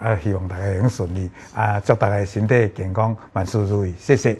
啊！希望大家能順利，啊！祝大家身體健康，萬事如意，謝謝。